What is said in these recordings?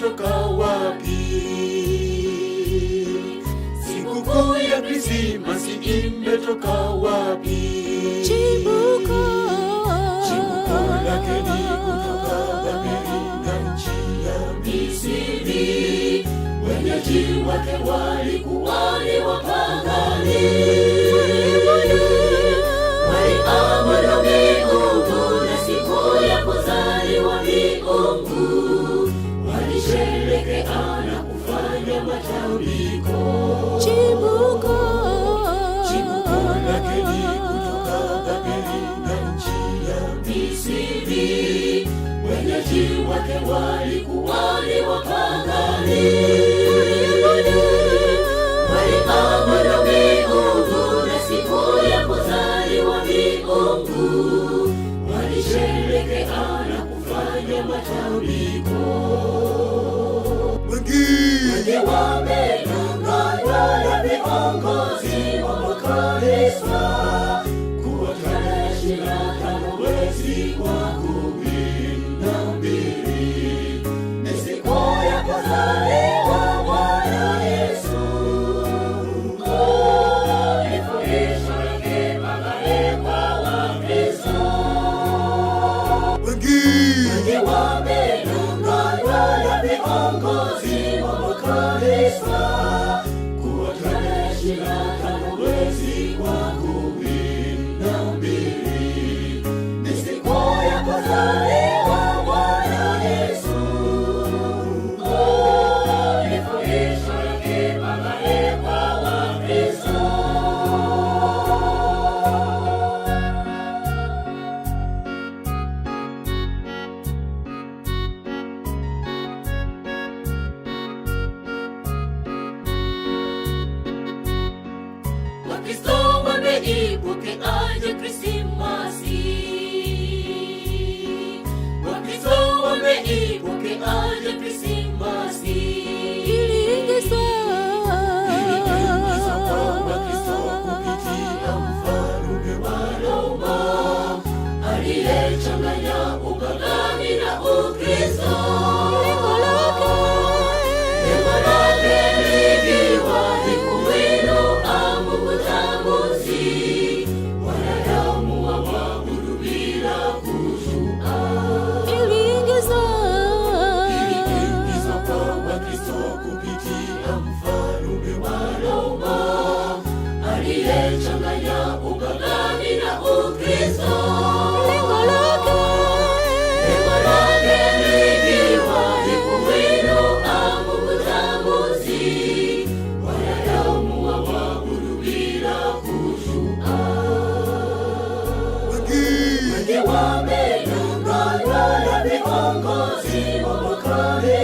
ilitoka wapi? Sikukuu ya Krismasi imetoka wapi? Chimbuko lake ni kutoka Babeli na nchi ya Misri, wenyeji wake walikuwa ni wapagani. Waliabudu miungu na siku ya kuzaliwa miungu Misri, wenyeji wake walikuwa раді, поки Аня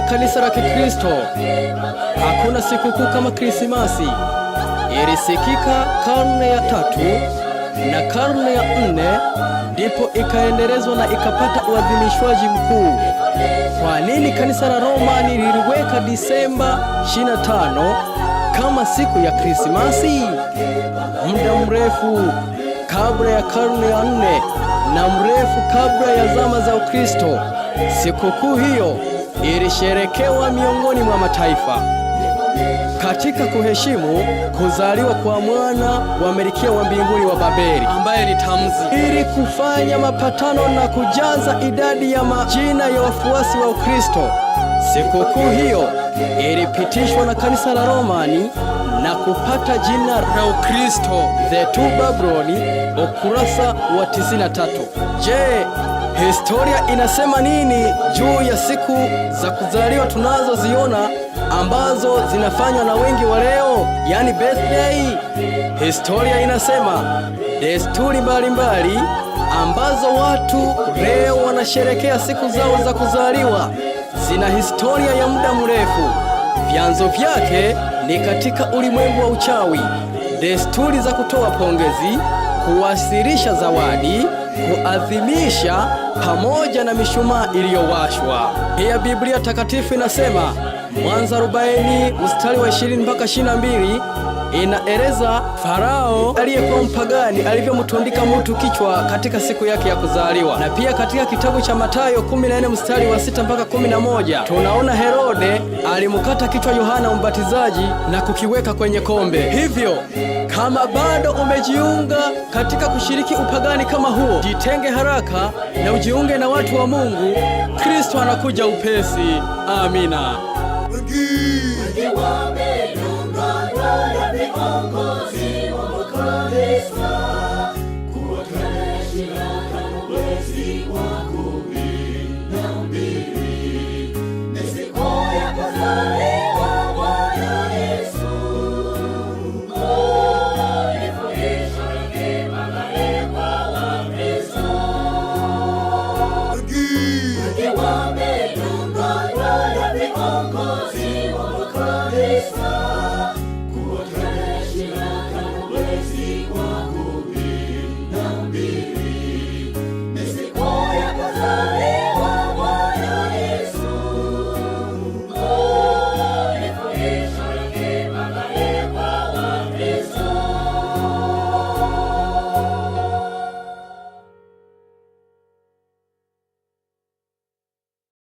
ya kanisa la Kikristo. Hakuna sikukuu kama Krismasi. Ilisikika karne ya tatu na karne ya nne, ndipo ikaendelezwa na ikapata uadhimishwaji mkuu. Kwa nini kanisa la Roma liliweka Disemba 25 kama siku ya Krismasi? Muda mrefu kabla ya karne ya nne na mrefu kabla ya zama za Ukristo, sikukuu hiyo ilisherekewa miongoni mwa mataifa katika kuheshimu kuzaliwa kwa mwana wa Malkia wa mbinguni wa Babeli, ambaye ni Tamzi, ili kufanya mapatano na kujaza idadi ya majina ya wafuasi wa Ukristo. Sikukuu hiyo ilipitishwa na kanisa la Romani na kupata jina la Ukristo The Two Babylon, ukurasa wa 93. Je, historia inasema nini juu ya siku za kuzaliwa tunazoziona ambazo zinafanywa na wengi wa leo, yani birthday? Historia inasema desturi mbalimbali ambazo watu leo wanasherekea siku zao za kuzaliwa zina historia ya muda mrefu. Vyanzo vyake ni katika ulimwengu wa uchawi, desturi za kutoa pongezi, kuwasilisha zawadi, kuadhimisha pamoja na mishumaa iliyowashwa. Pia Biblia takatifu inasema Mwanzo 40 mstari wa 20 mpaka 22 Inaeleza Farao aliyekuwa mpagani alivyomtundika mtu kichwa katika siku yake ya kuzaliwa, na pia katika kitabu cha Mathayo 14 mstari wa sita mpaka 11 tunaona Herode alimkata kichwa Yohana Mbatizaji na kukiweka kwenye kombe. Hivyo kama bado umejiunga katika kushiriki upagani kama huo, jitenge haraka na ujiunge na watu wa Mungu. Kristo anakuja upesi. Amina. Христа.